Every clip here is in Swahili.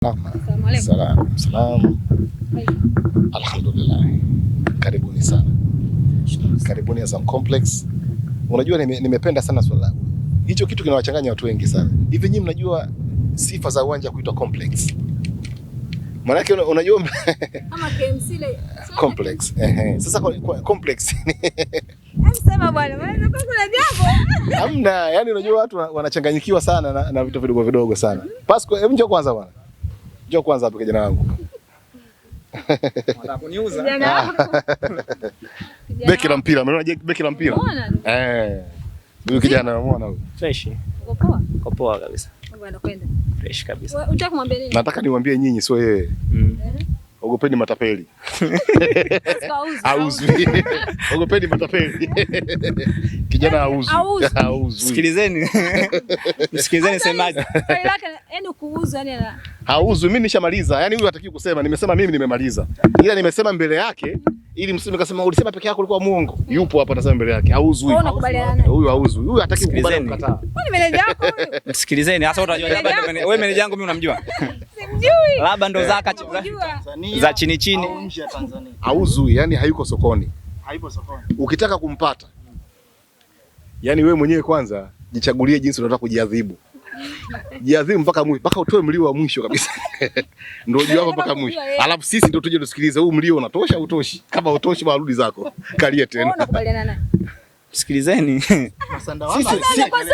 Salamu alhamdulillah. Karibuni sana, karibuni Azam Complex. Unajua nime, nimependa sana swala lako hicho, kitu kinawachanganya watu wengi sana. Hivi nyinyi mnajua sifa za uwanja kuitwa complex? Maanake unajua kama KMC complex. sasa complex hamna. Yani unajua watu wanachanganyikiwa sana na, na vitu vidogo vidogo sana. Pasco, hebu njoo kwanza bwana Njoo kwanza hapa kijana wangu. kuniuza? Beki la mpira, umeona beki la mpira? Eh. Huyu kijana umeona huyu? Fresh. Uko poa? Uko poa kabisa. Unakwenda. Fresh kabisa. Unataka kumwambia nini? Nataka niwaambie nyinyi sio yeye. Mm ogopeni matapeli auzwi, ogopeni matapeli kijana auzwi, auzwi. Sikilizeni, msikilizeni semaji hauzwi. Yaani yaani mimi nishamaliza, yani huyu hataki kusema. Nimesema mimi nimemaliza, ila nimesema mbele yake ili msimu kasema ulisema peke yako ulikuwa muongo. Yupo hapa anasema mbele yake auzwi huyu auzwi huyu hataki kukubali, mkataa. Msikilizeni sasa, utajua wewe. Meneja wangu mimi unamjua labda ndo zaka eh. za chini chini auzui, yani hayuko sokoni, hayuko sokoni. Ukitaka kumpata yani we mwenyewe kwanza jichagulie jinsi unataka kujiadhibu, jiadhibu mpaka mwisho, mpaka utoe mlio wa mwisho kabisa ndio juu hapo mpaka mwisho, alafu sisi ndio tuje tusikilize huu mlio unatosha, utoshi? Kama utoshi, barudi zako, kalia tena. Sikilizeni,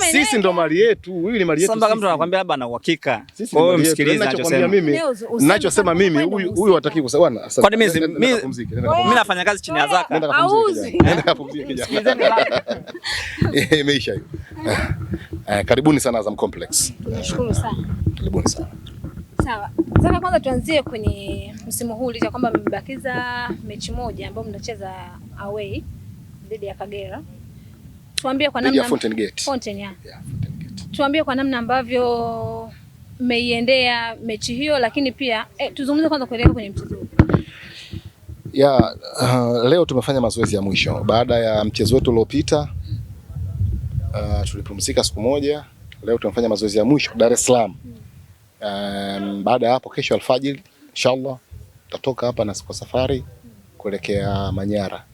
sisi ndo mali yetu, huyu ni mali yetu. Sasa mtu anakuambia labda ana uhakika, kwa hiyo msikilize anachosema. Mimi ninachosema mimi, huyu huyu hataki kusema bwana. Kwa nini mimi mimi nafanya kazi chini ya zaka? Nenda kapumzike kijana, eh, imeisha hiyo. Eh, Karibuni sana Azam Complex, Nashukuru eh, sana, karibuni sana. Sawa. Sasa kwanza tuanzie kwenye msimu huu licha kwamba mmebakiza mechi moja ambayo mnacheza away dhidi ya Kagera. Tuambie kwa namna Fountain Gate. Fountain, yeah. Yeah, Tuambie kwa namna ambavyo mmeiendea mechi hiyo, lakini pia eh, tuzungumze kwanza kuelekea kwenye mchezo ya uh, leo tumefanya mazoezi ya mwisho baada ya mchezo wetu uliopita. Uh, tulipumzika siku moja, leo tumefanya mazoezi ya mwisho Dar es Salaam. Um, baada ya hapo kesho alfajiri inshallah tutatoka hapa na kwa safari kuelekea Manyara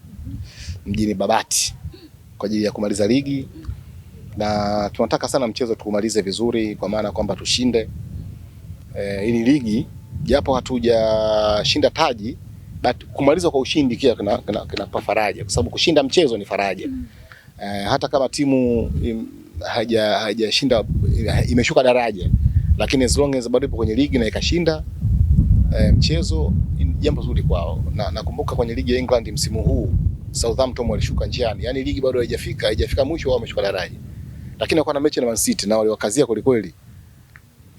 mjini Babati kwa ajili ya kumaliza ligi na tunataka sana mchezo tuumalize vizuri, kwa maana kwamba tushinde eh, ili ligi japo hatujashinda taji but kumaliza kwa ushindi kia kina, kina, kina pa faraja, kwa sababu kushinda mchezo ni faraja mm. Eh, hata kama timu im, haja hajashinda imeshuka daraja, lakini as long as bado ipo kwenye ligi na ikashinda eh, mchezo, jambo zuri kwao. Na nakumbuka kwenye ligi ya England msimu huu Southampton walishuka njiani, yani ligi bado haijafika haijafika mwisho, wao wameshuka daraja, lakini walikuwa na mechi na Man City na waliwakazia kweli kweli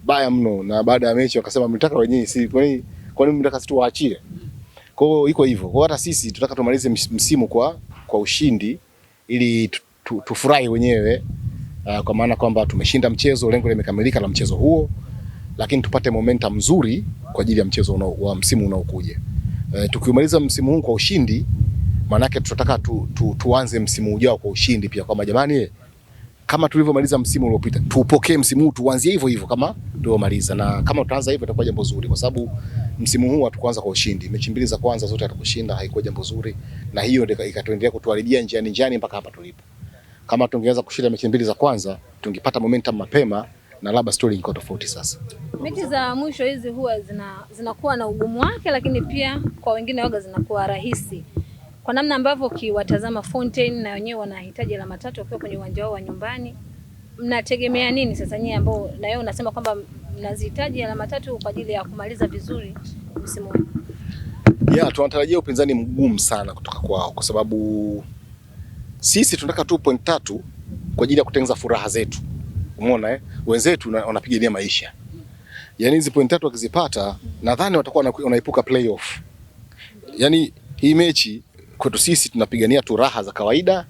baya mno, na baada ya mechi wakasema mtaka wenyewe, si kwa nini, kwa nini mtaka sisi tuwaachie? Kwa hiyo iko hivyo, kwa hata sisi tunataka tumalize msimu kwa kwa ushindi ili tufurahi wenyewe uh, kwa maana kwamba tumeshinda mchezo, lengo limekamilika la mchezo huo, lakini tupate momentum nzuri kwa ajili ya mchezo wa msimu unaokuja. Uh, eh, tukiumaliza msimu huu kwa ushindi Maanake tunataka tu, tu, tuanze msimu ujao kwa ushindi pia, kwamba jamani, kama tulivyomaliza msimu uliopita tuupokee msimu huu, tuanzie hivyo hivyo kama tulivyomaliza, na kama tutaanza hivyo itakuwa jambo zuri, kwa sababu msimu huu hatukuanza kwa ushindi. Mechi mbili za kwanza zote hatukushinda, haikuwa jambo zuri, na hiyo ndio ikatuendelea kutuharibia njiani njiani mpaka hapa tulipo. Kama tungeanza kushinda mechi mbili za kwanza, tungepata momentum mapema na labda story iko tofauti sasa. Mechi za mwisho hizi huwa zinakuwa zina na ugumu wake, lakini pia kwa wengine waga zinakuwa rahisi kwa namna ambavyo ukiwatazama Fountain na wenyewe wanahitaji alama tatu wakiwa kwenye uwanja wao wa nyumbani, mnategemea nini sasa nyie ambao na wewe unasema kwamba mnazihitaji alama tatu kwa ajili ya kumaliza vizuri msimu huu? Yeah, tunatarajia upinzani mgumu sana kutoka kwao kwa sababu sisi tunataka tu point tatu kwa ajili ya kutengeneza furaha zetu. Umeona eh? Wenzetu wanapigania maisha. Yaani hizi point tatu wakizipata nadhani watakuwa wanaepuka playoff. Yaani hii mechi kwetu sisi tunapigania tu raha za kawaida,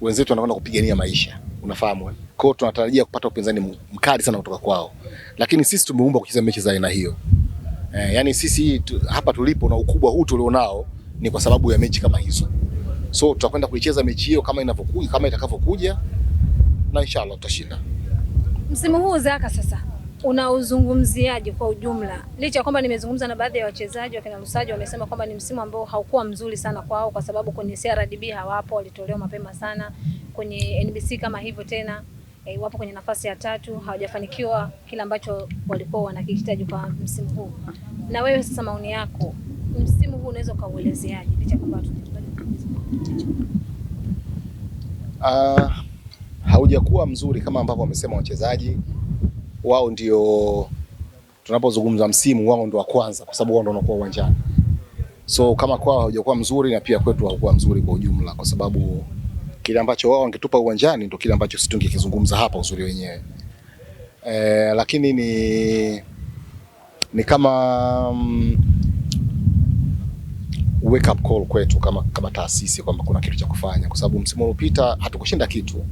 wenzetu wanakwenda kupigania maisha, unafahamu eh? Kwa hiyo tunatarajia kupata upinzani mkali sana kutoka kwao, lakini sisi tumeumba kucheza mechi za aina hiyo eh, yani sisi tu, hapa tulipo na ukubwa huu tulionao ni kwa sababu ya mechi kama hizo, so tutakwenda kuicheza mechi hiyo kama inavyokuja, kama itakavyokuja, na inshallah tutashinda msimu huu. Zaka sasa unauzungumziaje kwa ujumla? Licha ya kwamba nimezungumza na baadhi ya wachezaji wakina Lusaji wamesema kwamba ni msimu ambao haukuwa mzuri sana kwao, kwa sababu kwenye CRDB hawapo, walitolewa mapema sana. Kwenye NBC kama hivyo tena e, wapo kwenye nafasi ya tatu, hawajafanikiwa kile ambacho walikuwa wanakihitaji kwa msimu huu. Na wewe sasa, maoni yako msimu huu unaweza ukauelezeaje? licha kwamba uh, haujakuwa mzuri kama ambavyo wamesema wachezaji wao ndio tunapozungumza msimu wao ndio wa kwanza, kwa sababu wao ndio wanakuwa uwanjani. So kama kwao haujakuwa mzuri na pia kwetu haukuwa mzuri kwa ujumla, kwa sababu kile ambacho wao wangetupa uwanjani ndio kile ambacho sisi hapa uzuri wenyewe. E, lakini ni, ni kama um, wake up call kwetu kama, kama taasisi kwamba kuna kitu cha kufanya, kwa sababu msimu uliopita hatukushinda kitu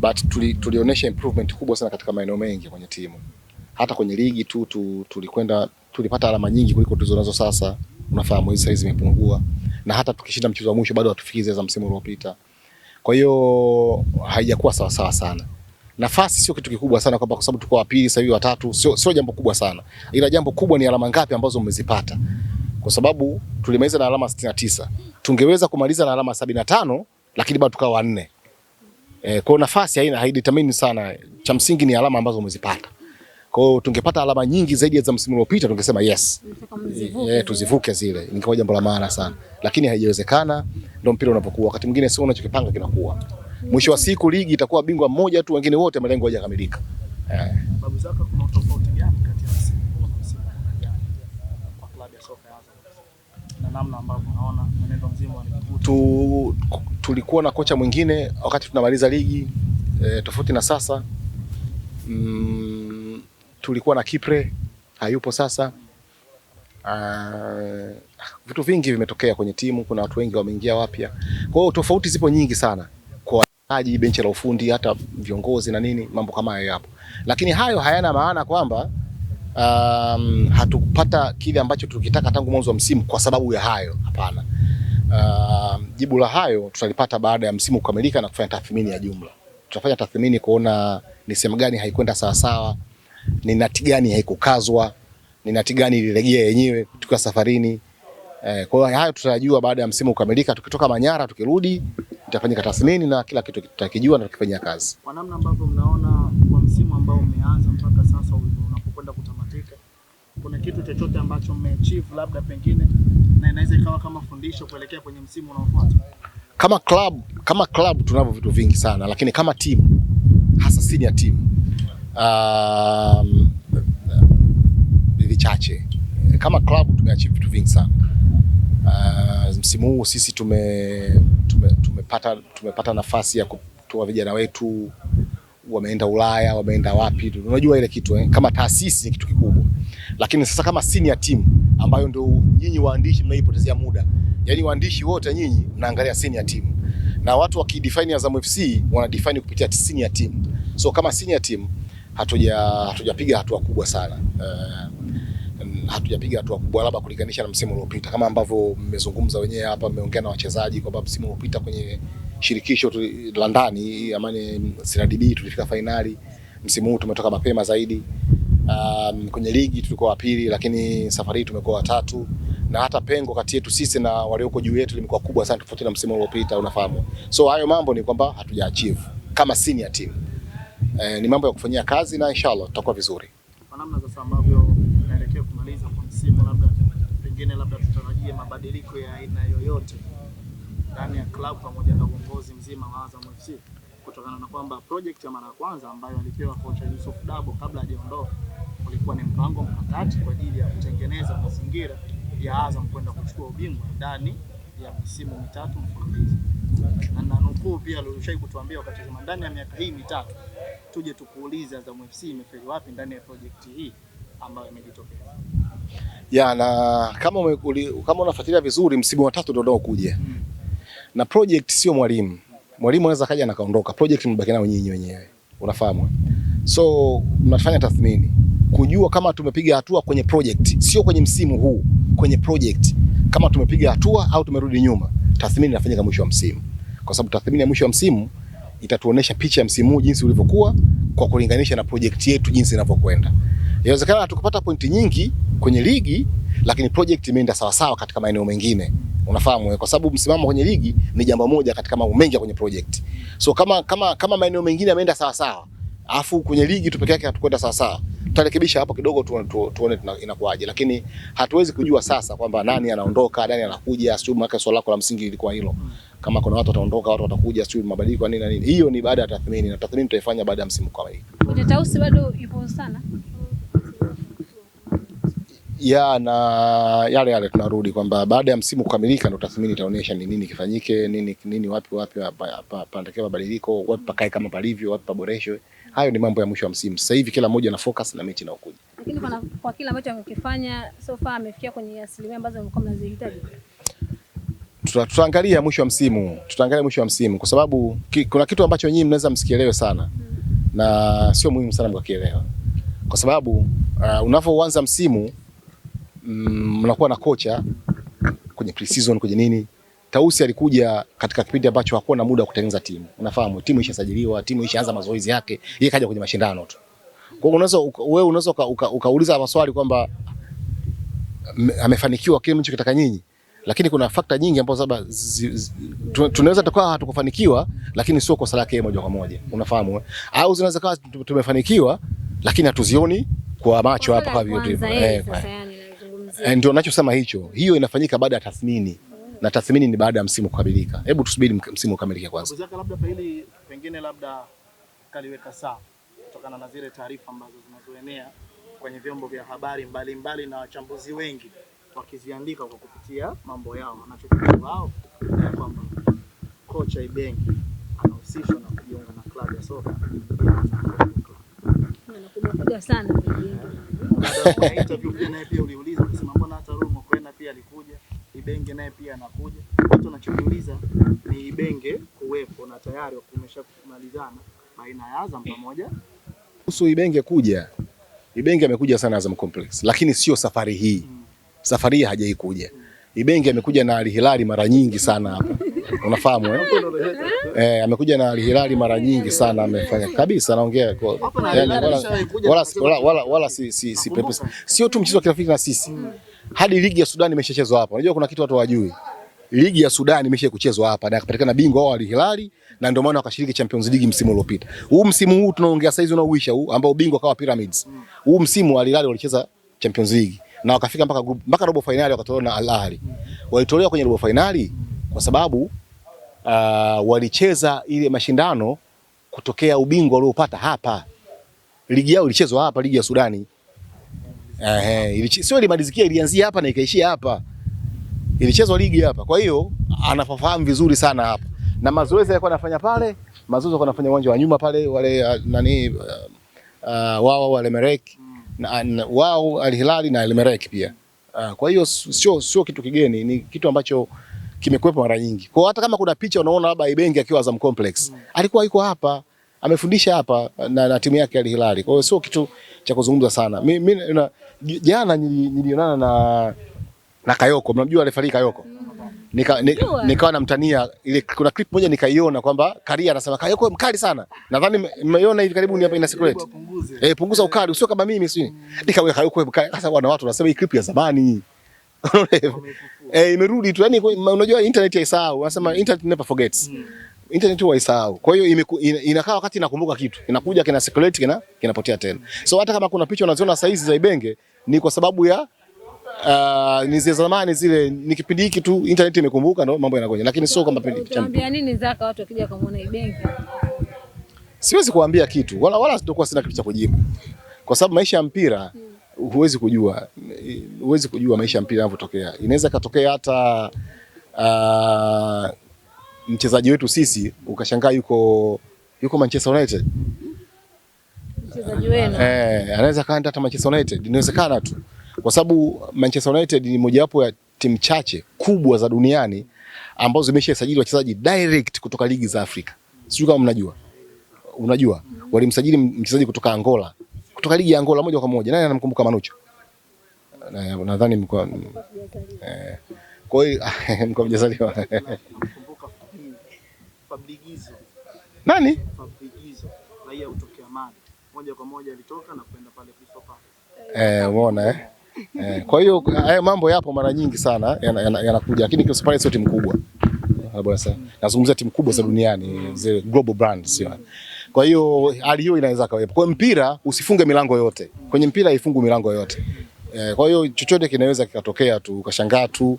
but tuli, tulionyesha improvement kubwa sana katika maeneo mengi kwenye timu. Hata kwenye ligi tu, tulikwenda tu tu tulipata alama nyingi kuliko tulizonazo sasa. Unafahamu hizi saizi imepungua, na hata tukishinda mchezo wa mwisho bado hatufikii za msimu uliopita. Kwa hiyo haijakuwa sawa sawa sana. Nafasi sio kitu kikubwa sana kwamba kwa sababu tuko wa pili sasa hivi watatu, sio sio jambo kubwa sana, ila jambo kubwa ni alama ngapi ambazo mmezipata, kwa sababu tulimaliza na alama 69 tungeweza kumaliza na alama 75 lakini bado tukawa wanne. E, kwa nafasi haina haidetermine sana, cha msingi ni alama ambazo umezipata. Kwa hiyo tungepata alama nyingi zaidi za msimu uliopita tungesema yes. E, tuzivuke zile. Ingekuwa jambo la maana sana. Lakini haijawezekana, ndio mpira unapokuwa. Wakati mwingine sio unachokipanga kinakuwa. Mwisho wa siku ligi itakuwa bingwa mmoja tu, wengine wote malengo hayajakamilika. Eh. Babu zako kuna tofauti gani kati ya msimu na msimu wa jana kwa klabu ya soka ya Azam? Na namna ambavyo unaona mwenendo mzima wa ligi tu tulikuwa na kocha mwingine wakati tunamaliza ligi e, tofauti na sasa mm, tulikuwa na Kipre hayupo sasa. Uh, vitu vingi vimetokea kwenye timu, kuna watu wengi wameingia wapya, kwa hiyo tofauti zipo nyingi sana kwa wachezaji, benchi la ufundi, hata viongozi na nini, mambo kama hayo yapo, lakini hayo hayana maana kwamba um, hatupata kile ambacho tulikitaka tangu mwanzo wa msimu kwa sababu ya hayo. Hapana. Um, jibu la hayo tutalipata baada ya msimu kukamilika na kufanya tathmini ya jumla. Tutafanya tathmini kuona ni sehemu gani haikwenda sawasawa, ni nati gani haikukazwa, ni nati gani ilirejea yenyewe tukiwa safarini. Eh, kwa hiyo hayo tutajua baada ya msimu kukamilika. Tukitoka Manyara tukirudi, itafanyika tathmini na kila kitu tutakijua na tukifanyia kazi. Kwa namna ambavyo mnaona kwa msimu ambao umeanza mpaka sasa unapokwenda kutamatika, kuna kitu chochote ambacho mmeachieve labda pengine na inaweza ikawa kama fundisho kuelekea kwenye msimu unaofuata? Kama club, kama club tunavyo vitu vingi sana, lakini kama timu hasa senior team um, vichache. Kama club tumeachieve vitu vingi sana. Uh, msimu huu sisi tume, tume, tumepata, tumepata nafasi ya kutoa vijana wetu wameenda Ulaya, wameenda wapi, unajua ile kitu eh? Kama taasisi ni kitu kikubwa, lakini sasa kama senior team ambayo ndio nyinyi waandishi mnaipotezea muda. Yaani waandishi wote nyinyi mnaangalia senior team. Na watu wakidefine Azam FC wanadefine kupitia senior team. So kama senior team hatuja hatujapiga hatua kubwa sana. Uh, hatujapiga hatua kubwa labda kulinganisha na msimu uliopita kama ambavyo mmezungumza wenyewe hapa, mmeongea na wachezaji kwamba msimu uliopita kwenye shirikisho la ndani amani Siradibi tulifika fainali. Msimu huu tumetoka mapema zaidi. Um, kwenye ligi tulikuwa wa pili, lakini safari hii tumekuwa watatu na hata pengo kati yetu sisi na walioko juu yetu limekuwa kubwa sana tofauti na msimu uliopita, unafahamu. So hayo mambo ni kwamba hatuja achieve kama senior team. e, ni mambo ya kufanyia kazi na inshallah tutakuwa vizuri. Kwa namna sasa ambavyo tunaelekea kumaliza kwa msimu, labda pengine, labda tutarajie mabadiliko ya aina yoyote ndani ya klabu pamoja na uongozi mzima wa Azam FC kutokana na kwamba project ya mara ya kwanza ambayo alipewa kocha Yusuf Dabo kabla hajaondoka ulikuwa ni mpango mkakati kwa ajili ya kutengeneza mazingira ya Azam kwenda kuchukua ubingwa ndani ya misimu mitatu mfululizo. Na nanukuu pia Lushai kutuambia wakati kama ndani ya miaka hii mitatu tuje tukuulize Azam FC imefeli wapi ndani ya project hii ambayo imejitokeza. Ya na kama umekuli, kama unafuatilia vizuri msimu wa tatu ndio unaokuja. Hmm. Na project sio mwalimu. Hmm mwalimu anaweza kaja na kaondoka, project mbaki nayo nyinyi wenyewe, unafahamu. So mnafanya tathmini kujua kama tumepiga hatua kwenye project, sio kwenye msimu huu, kwenye project kama tumepiga hatua au tumerudi nyuma. Tathmini inafanyika mwisho wa msimu, kwa sababu tathmini ya mwisho wa msimu itatuonesha picha ya msimu huu jinsi ulivyokuwa kwa kulinganisha na project yetu jinsi inavyokwenda. Inawezekana tukapata pointi nyingi kwenye ligi, lakini project imeenda sawa sawa katika maeneo mengine. Unafahamu, eh, kwa sababu msimamo kwenye ligi ni jambo moja katika mambo mengi kwenye project. So kama kama kama maeneo mengine yameenda sawa sawa, afu kwenye ligi tu peke yake hatukwenda sawa sawa, tutarekebisha hapo kidogo tu, tu, tuone inakuaje, lakini hatuwezi kujua sasa kwamba nani anaondoka nani anakuja, sio mwaka. Swala lako la msingi lilikuwa hilo, kama kuna watu wataondoka watu watakuja, sio mabadiliko nini na nini. Hiyo ni baada ya tathmini, na tathmini tutaifanya baada ya msimu. Kwa hiyo kwenye Tausi bado ipo sana ya na yale yale tunarudi kwamba baada ya msimu kukamilika ndo tathmini itaonyesha ni nini kifanyike, nini nini, wapi wapi panatakiwa mabadiliko, wapi pakae kama palivyo, wapi paboreshwe. Hayo ni mambo ya mwisho wa msimu. Sasa hivi kila mmoja na focus na mechi inayokuja, lakini kwa, kwa kila ambacho amekifanya so far amefikia kwenye asilimia ambazo mlikuwa mnazihitaji. Tutaangalia mwisho wa msimu, tutaangalia mwisho wa msimu kwa sababu ki, kuna kitu ambacho nyinyi mnaweza msikielewe sana hmm, na sio muhimu sana mkakielewa kwa sababu uh, unapoanza msimu Mm, mnakuwa na kocha kwenye pre-season kwenye nini. Tausi alikuja katika kipindi ambacho hakuwa na muda wa kutengeneza timu. Unafahamu timu ishasajiliwa, timu ishaanza mazoezi yake, yeye kaja kwenye mashindano tu. Kwa hiyo unaweza wewe unaweza uka, uka, ukauliza maswali kwamba amefanikiwa kile mlichokitaka nyinyi, lakini kuna fakta nyingi ambazo labda tunaweza tukawa hatukufanikiwa, lakini sio kosa lake moja kwa moja, unafahamu? Eh? Au zinaweza kuwa tumefanikiwa, lakini hatuzioni kwa macho hapa kwa vyote eh Eh, ndio nachosema hicho. Hiyo inafanyika baada ya tathmini na tathmini ni baada ya msimu kukamilika. Hebu tusubiri msimu ukamilike kwanza. Kwa labda pili, pengine labda kaliweka saa kutokana na zile taarifa ambazo zinazoenea kwenye vyombo vya habari mbalimbali mbali na wachambuzi wengi wakiziandika kwa kupitia mambo yao, wanachokijua wao kwamba kocha Ibenge anahusishwa na kujiunga na klabu ya soka sana. Benge naye pia anakuja. Watu wanachokiuliza ni Benge kuwepo na tayari kumeshamalizana baina ya Azam pamoja. Kuhusu Ibenge kuja, Ibenge amekuja sana Azam Complex, lakini sio safari hii mm. Safari hii hajai kuja mm. Ibenge amekuja na Alihilali mara nyingi sana hapa unafahamu eh? Eh, amekuja na Alihilali mara nyingi sana amefanya kabisa, naongea yani, wala, wala, wala, wala si, si, si, sio tu mchezo wa kirafiki na sisi mm hadi ligi ya Sudan imeshachezwa hapa. Unajua kuna kitu watu hawajui. Ligi ya Sudan imesha kuchezwa hapa na akapatikana bingwa wao Al Hilali na ndio maana wakashiriki Champions League msimu uliopita. Huu msimu huu tunaongea saizi unaoisha huu ambao bingwa kawa Pyramids. Huu msimu Al Hilali walicheza Champions League na wakafika mpaka group mpaka robo finali wakatolewa na Al Ahly. Walitolewa kwenye robo finali kwa sababu uh, walicheza ile mashindano kutokea ubingwa waliopata hapa. Ligi yao ilichezwa hapa, ligi ya Sudani. Ehe, sio ilimalizikia, ilianzia hapa na ikaishia hapa, ilichezwa ligi hapa. Kwa hiyo anafahamu vizuri sana hapa, na mazoezi alikuwa anafanya pale, mazoezi alikuwa anafanya uwanja wa nyuma pale, wale uh, nani uh, uh, wao wale Merek wao Al Hilali na Al Merek pia. Uh, kwa hiyo sio sio kitu kigeni, ni kitu ambacho kimekuwepo mara nyingi. Kwa hata kama kuna picha unaona labda Ibenge akiwa Azam Complex, alikuwa yuko hapa, amefundisha hapa na, na timu yake Al Hilali. Kwa hiyo sio kitu cha kuzungumza sana. Mimi jana nilionana na na Kayoko, mnamjua refa Kayoko nikawa nika, nikawa namtania ile. Kuna clip moja nikaiona kwamba Karia anasema Kayoko mkali sana, nadhani mmeiona hivi karibuni hapa, ina secret eh, punguza ukali, sio kama mimi sio. Nikaweka Kayoko mkali sasa, wana watu wanasema hii clip ya zamani eh, imerudi tu, yani unajua internet haisahau, anasema internet never forgets. Mm internet huwa isahau. Kwa hiyo inakaa wakati inakumbuka kitu inakuja kina circulate kina kinapotea tena. So hata kama kuna picha unaziona saa hizi za Ibenge ni kwa sababu ya uh, ni zile zamani zile, ni kipindi hiki tu internet imekumbuka ndo mambo yanakuja, lakini sio kama picha. Niambia nini. Zaka watu wakija kumuona Ibenge, siwezi kuambia kitu wala wala sitakuwa sina kitu cha kujibu, kwa sababu maisha ya mpira huwezi kujua, huwezi kujua maisha ya mpira yanavyotokea. Inaweza katokea hata uh, mchezaji wetu sisi ukashangaa yuko yuko Manchester United. Mchezaji wenu. Eh, anaweza kaenda hata Manchester United, inawezekana tu. Kwa sababu Manchester United ni mojawapo ya timu chache kubwa za duniani ambazo zimeshasajili wachezaji direct kutoka ligi za Afrika. Sijui kama mnajua. Unajua, walimsajili mchezaji kutoka Angola, kutoka ligi ya Angola moja kwa moja. Nani anamkumbuka Manucho? Eh, nadhani mko eh, kwa hiyo mko mjazaliwa nani? Umeona eh, eh? Eh, kwa hiyo haya eh, mambo yapo mara nyingi sana yanakuja yana, yana lakini Crystal sio timu kubwa. Ah, Nazungumzia timu kubwa za duniani, zile global brands. Kwa hiyo hali hiyo inaweza kawepo. Kwa mpira usifunge milango yote. Kwenye mpira haifungu milango yote. Eh, kwa hiyo chochote kinaweza kikatokea tu, ukashangaa tu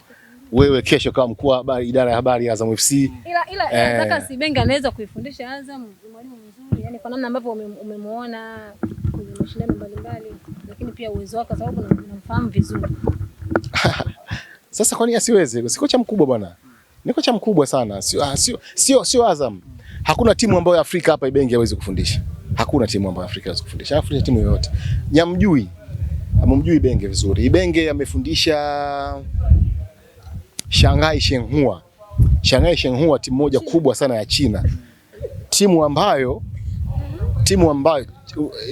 wewe kesho kama mkuu wa idara ya habari ya Azam FC. Ila ila eh, nataka si Benga anaweza kuifundisha Azam mwalimu mzuri, yani kwa namna ambavyo umemuona kwenye mashindano mbalimbali, lakini pia uwezo wake, sababu namfahamu vizuri. Sasa kwa nini asiweze? Si kocha mkubwa bwana, ni kocha mkubwa sana, sio ah, sio sio sio Azam. Hakuna timu ambayo Afrika hapa Ibenge hawezi kufundisha. Hakuna timu ambayo Afrika hawezi kufundisha. Afrika timu yoyote. Nyamjui. Amemjui Ibenge vizuri. Ibenge amefundisha Shanghai Shenhua. Shanghai Shenhua timu moja kubwa sana ya China, timu ambayo timu ambayo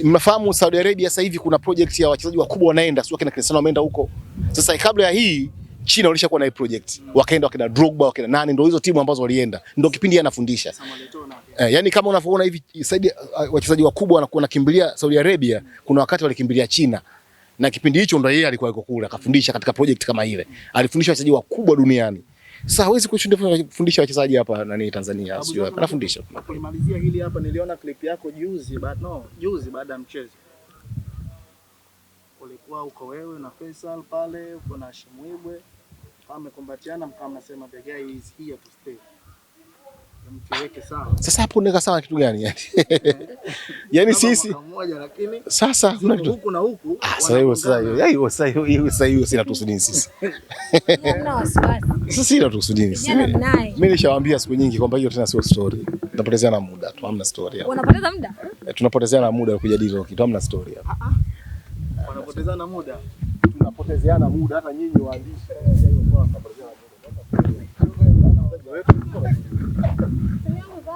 mnafahamu Saudi Arabia sasa hivi kuna project ya wachezaji wakubwa wanaenda, sio kina Cristiano wameenda huko. Sasa kabla ya hii China walishakuwa na project, wakaenda wakina Drogba, wakina nani, ndio hizo timu ambazo walienda, ndio kipindi yeye anafundisha eh, yani kama unavyoona hivi wachezaji wakubwa wanakuwa nakimbilia Saudi Arabia, kuna wakati walikimbilia China na kipindi hicho ndo yeye alikuwa yuko kule akafundisha katika project kama ile, alifundisha wachezaji wakubwa duniani. Sasa hawezi kufundisha wachezaji hapa nani Tanzania, sio hapa anafundisha. Napolimalizia hili hapa, niliona clip yako juzi, but no, juzi baada ya mchezo ulikuwa uko wewe na Faisal pale, uko na Shimwibwe, amekumbatiana mkao, mnasema the guy is here to stay sasa hapo unaweka sawa kitu gani yani? Yani sisi sasa kuna kitu huku na huku. Ah, Sasa hiyo sasa hiyo. Hiyo yaani sasa hiyo hiyo sasa hiyo sina tusudini sisi. Hamna wasiwasi. Sisi sina tusudini sisi. Mimi nishawaambia siku nyingi kwamba hiyo tena sio story. Tunapotezeana muda tu, hamna story hapo. Wanapoteza muda? Eh, tunapotezeana muda kujadili hiyo kitu, hamna story hapo. Ah, ah. Wanapotezana muda. Tunapotezeana muda hata nyinyi waandishi.